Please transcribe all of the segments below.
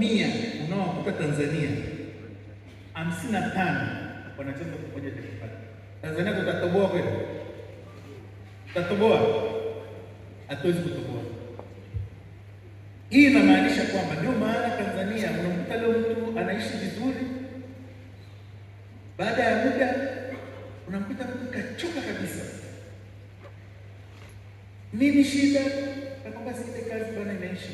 mia unaokuta Tanzania hamsini na tano wanacheza kimoja cha kipata. Tanzania tutatoboa kweli? Tutatoboa? Hatuwezi kutoboa. Hii inamaanisha kwamba ndio maana Tanzania unamkuta leo mtu anaishi vizuri, baada ya muda unamkuta mtu kachoka kabisa. Nini shida? Nakwamba zile kazi bwana, inaisha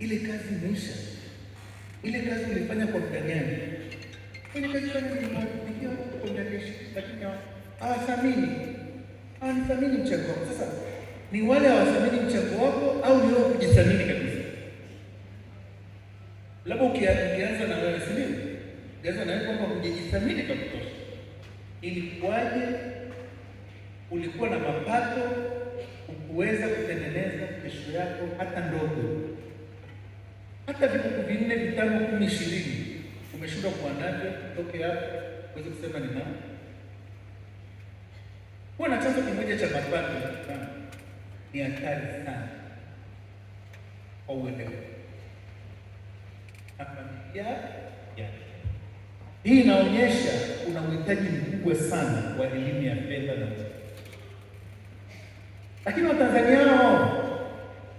ile kazi imeisha. Ile kazi ulifanya kwa muda gani? Ile kazi fanya nilipigia kwa muda Lakini hawathamini, hawathamini mchango wako. Sasa ni wale hawathamini mchango wako au ni wao kujithamini kabisa? Labda ukianza na wewe, si ndio? Ukianza na wewe kwamba hujithamini kwa kutosha. Ilikuwaje ulikuwa na mapato ukuweza kutengeneza kesho yako hata ndogo? hata vikuku vinne vitano kumi ishirini umeshindwa kuwa toke hapo uweze kusema ni nani. huwa na chanzo kimoja cha mapato ni hatari sana kwa uelewa na familia yake. Hii inaonyesha kuna uhitaji mkubwa sana wa elimu ya fedha na lakini Watanzania hao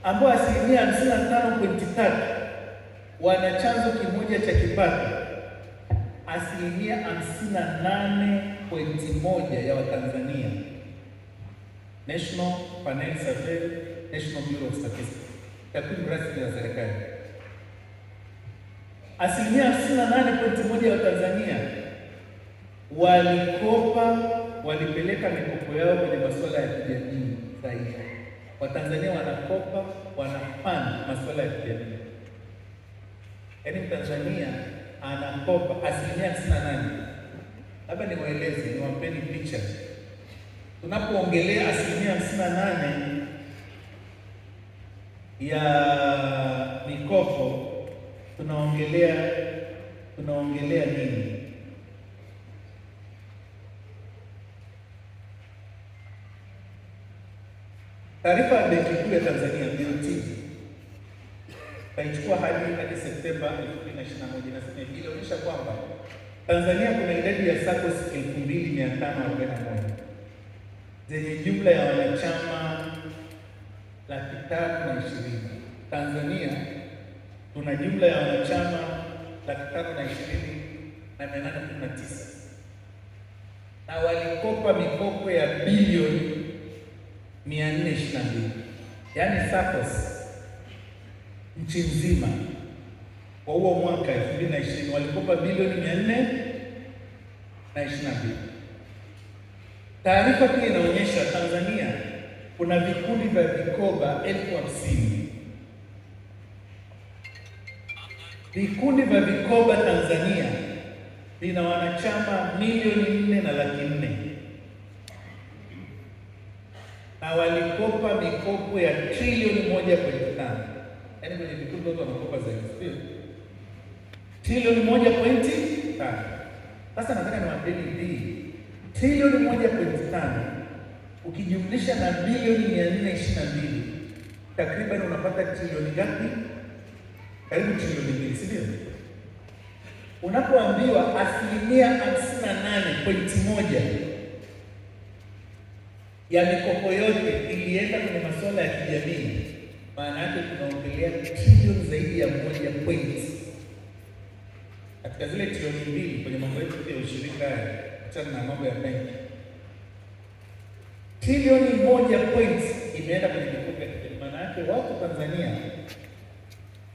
ambao asilimia hamsini na tano pointi tatu wana chanzo kimoja cha kipato. Asilimia hamsini na nane pointi moja ya Watanzania, National Panel Survey, National Bureau of Statistics, takwimu rasmi za serikali. Asilimia hamsini na nane pointi moja ya Watanzania walikopa, walipeleka mikopo yao kwenye masuala ya kijamii zaidi. Watanzania wanakopa, wanafanya masuala ya kijamii Yaani Tanzania anakopa asilimia hamsini na nane. Labda niwaeleze, niwampeni picha. Tunapoongelea asilimia hamsini na nane ya mikopo, tunaongelea tunaongelea nini? Taarifa ya Benki Kuu ya Tanzania BOT itaichukua hadi hadi Septemba 2021 na inaonyesha kwamba Tanzania kuna idadi ya SACCOS 2541 zenye jumla ya wanachama laki tatu na ishirini. Tanzania tuna jumla ya wanachama laki tatu na ishirini na mia nane kumi na tisa na walikopa mikopo ya bilioni 422 yaani SACCOS nchi nzima kwa huo mwaka 2020 walikopa bilioni 4 na Taarifa pia inaonyesha Tanzania kuna vikundi vya vikoba elfu hamsini vikundi vya vikoba Tanzania vina wanachama milioni nne na laki nne na walikopa mikopo ya trilioni moja kwenye tano yaani kwenye vikundi watu wanakopa zaidi, sio trilioni moja pointi tano. Sasa nataka niwaambieni hii trilioni moja pointi tano ukijumlisha na bilioni mia nne ishirini na mbili takriban unapata trilioni ngapi? Karibu trilioni mbili, si Unapoambiwa asilimia hamsini na nane pointi moja ya mikopo yote ilienda kwenye masuala ya kijamii maana yake tunaongelea trilioni zaidi ya moja point katika zile trilioni mbili kwenye mambo yetu ya ushirika haya, achana na mambo ya benki, trilioni moja point imeenda kwenye mikopo ya kigeni. Maana yake watu Tanzania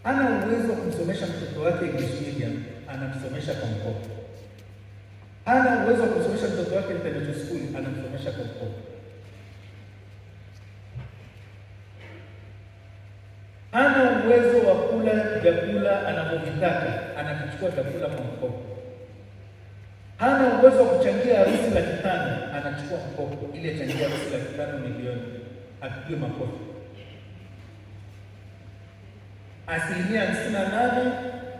ana uwezo wa kumsomesha mtoto wake English medium, anamsomesha kwa mkopo. Ana uwezo wa kumsomesha mtoto wake international school, anamsomesha kwa mkopo. uwezo wa kula vyakula anavyovitaka, anakichukua chakula kwa mkopo. Hana uwezo wa kuchangia harusi laki tano, anachukua mkopo ili achangia harusi laki tano milioni. Apigwe makofi. Asilimia hamsini na nane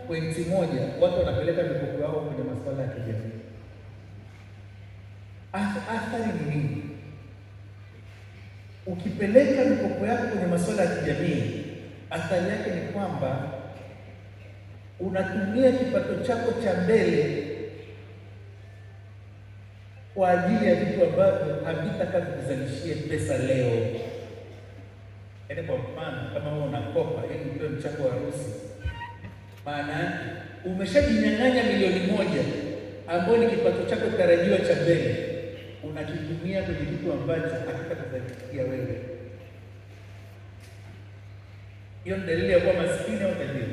pointi moja watu wanapeleka mikopo yao kwenye masuala ya kijamii. Athari ni nini? Ukipeleka mikopo yako kwenye masuala ya kijamii athari yake ni kwamba unatumia kipato chako cha mbele kwa ajili ya vitu ambavyo havitakazi kuzalishie pesa leo. Yaani, kwa mfano kama wewe unakopa ili yaani upewe mchango wa harusi, maana umeshajinyang'anya milioni moja ambayo ni kipato chako tarajiwa cha mbele, unakitumia kwenye kitu ambacho hakitakuzalishia wewe. Hiyo ni dalili ya kuwa maskini au tajiri?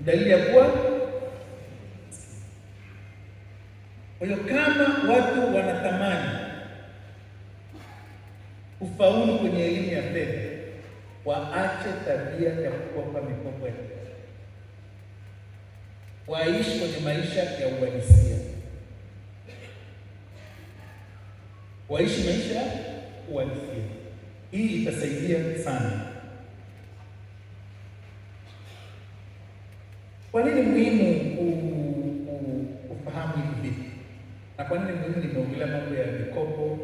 Dalili ya kuwa kwa hiyo, kama watu wanatamani kufaulu kwenye elimu ya fedha, waache tabia ya kukopa mikopo ya waishi kwenye maisha ya uhalisia, waishi maisha uhalisia. Hii itasaidia sana. Kwa nini muhimu kufahamu hivi vitu, na kwa nini muhimu? Nimeongelea mambo ya mikopo,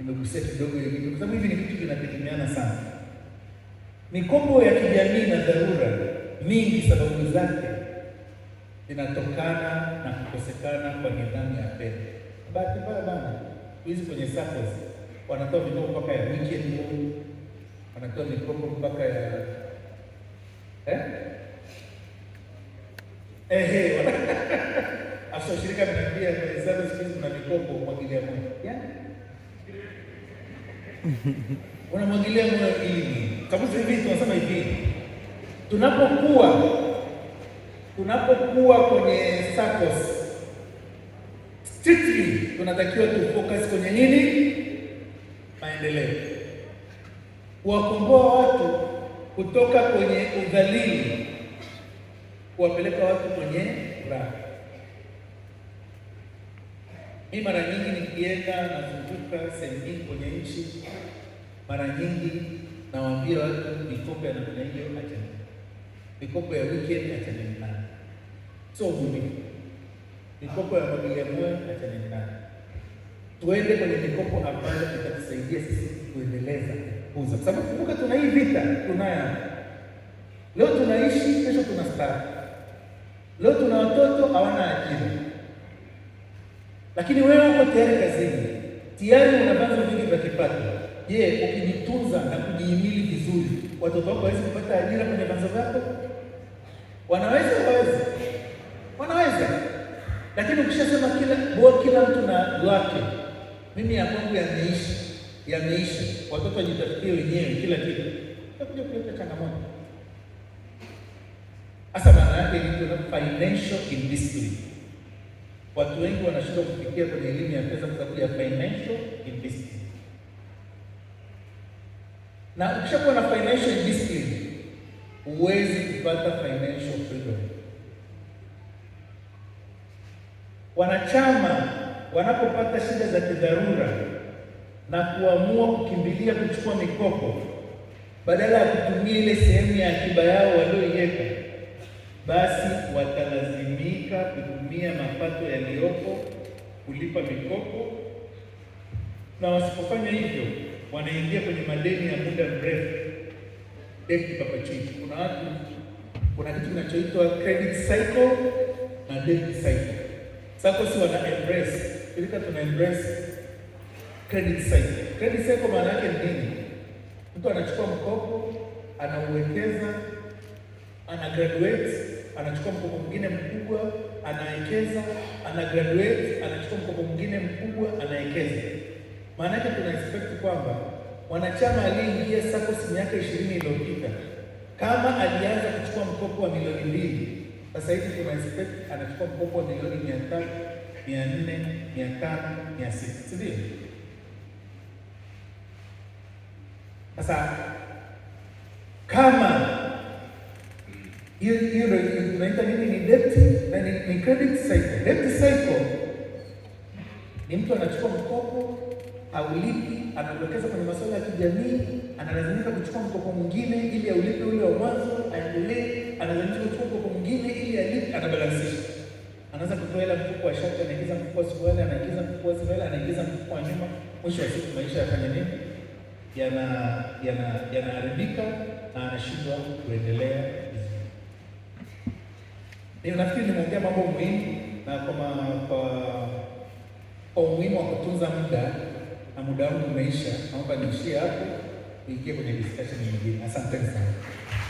nimegusia kidogo hivi, kwa sababu hivi ni vitu vinategemeana sana. Mikopo ya kijamii na dharura mingi, sababu zake zinatokana na kukosekana kwa nidhamu ya fedha. Bahati mbaya bana, hizi kwenye SACCOS wanatoa mikopo mpaka ya wiki, wanatoa mikopo mpaka ya eh? Ehe, hasa shirika linaambia hesabu siku hizi kuna mikopo mwagilia moyo, yaani unamwagilia moyo ili sababu sasa hivi tunasema hivi, tunapokuwa tunapokuwa kwenye SACCOS strictly tunatakiwa tufocus kwenye nini maendeleo, kuwakomboa watu kutoka kwenye udhalili, kuwapeleka watu kwenye furaha. Mi mara nyingi nikienda nazunguka sehemu nyingi kwenye nchi, mara nyingi nawaambia watu mikopo ya namna hiyo achana, mikopo ya weekend achana nayo, sio buni, mikopo ya familia moja achana nayo tuende kwenye mikopo ambayo itatusaidia sisi kuendeleza kuuza, kwa sababu kumbuka, tuna hii vita tunayo leo, tunaishi kesho, tunastaafu leo, tuna watoto hawana ajira, lakini wewe uko tayari kazini, tayari una vyanzo vingi vya kipato. Je, ukijitunza na kujihimili vizuri, watoto wako wawezi kupata ajira kwenye vyanzo vyako? Wanaweza, wawezi, Wanaweza, lakini ukishasema kila kila mtu na lake mimi ya kwangu yameisha, yameisha. Watoto wajitafutie wenyewe kila kitu, takuja kuleta changamoto. Hasa maana yake ni financial indiscipline. Watu wengi wanashindwa kufikia kwenye elimu ya pesa kwa sababu ya financial indiscipline. Na ukishakuwa na financial indiscipline, huwezi kupata financial freedom. Wanachama wanapopata shida za kidharura na kuamua kukimbilia kuchukua mikopo badala ya kutumia ile sehemu ya akiba yao walioiweka, basi watalazimika kutumia mapato yaliyopo kulipa mikopo, na wasipofanya hivyo wanaingia kwenye madeni ya muda mrefu, debt perpetuity. Kuna watu, kuna kitu kinachoitwa credit cycle na debt cycle. SACCOS wana embrace shirika tuna embrace credit cycle. Credit cycle maana yake nini? Mtu anachukua mkopo, anauwekeza, ana graduate, anachukua mkopo mwingine mkubwa, anawekeza, ana graduate, anachukua mkopo mwingine mkubwa, anawekeza. Maana yake tuna expect kwamba mwanachama aliyeingia SACCOS miaka ishirini iliyopita kama alianza kuchukua mkopo wa milioni mbili, sasa hivi tuna expect anachukua mkopo wa milioni mia tatu mia nne mia tano mia sita si ndio? Sasa kama hiyo hiyo tunaita nini, ni debt na ni credit cycle. Debt cycle ni mtu anachukua mkopo aulipi, anawekeza kwenye masuala ya kijamii, analazimika kuchukua mkopo mwingine ili aulipe ule wa mwanzo, aendelee, analazimika kuchukua mkopo mwingine ili alipe, anabalansisha anaanza kutoa hela mfuko wa shati, anaingiza mfuko wa suruali, anaingiza mfuko wa suruali, anaingiza mfuko wa nyuma. Mwisho wa siku maisha yafanya nini? Yana yana yanaharibika na anashindwa kuendelea vizuri. Ndio nafikiri nimeongea mambo muhimu na kwa kwa umuhimu wa kutunza muda na muda wangu umeisha. Naomba niishie hapo, niingie kwenye discussion nyingine. Asante sana.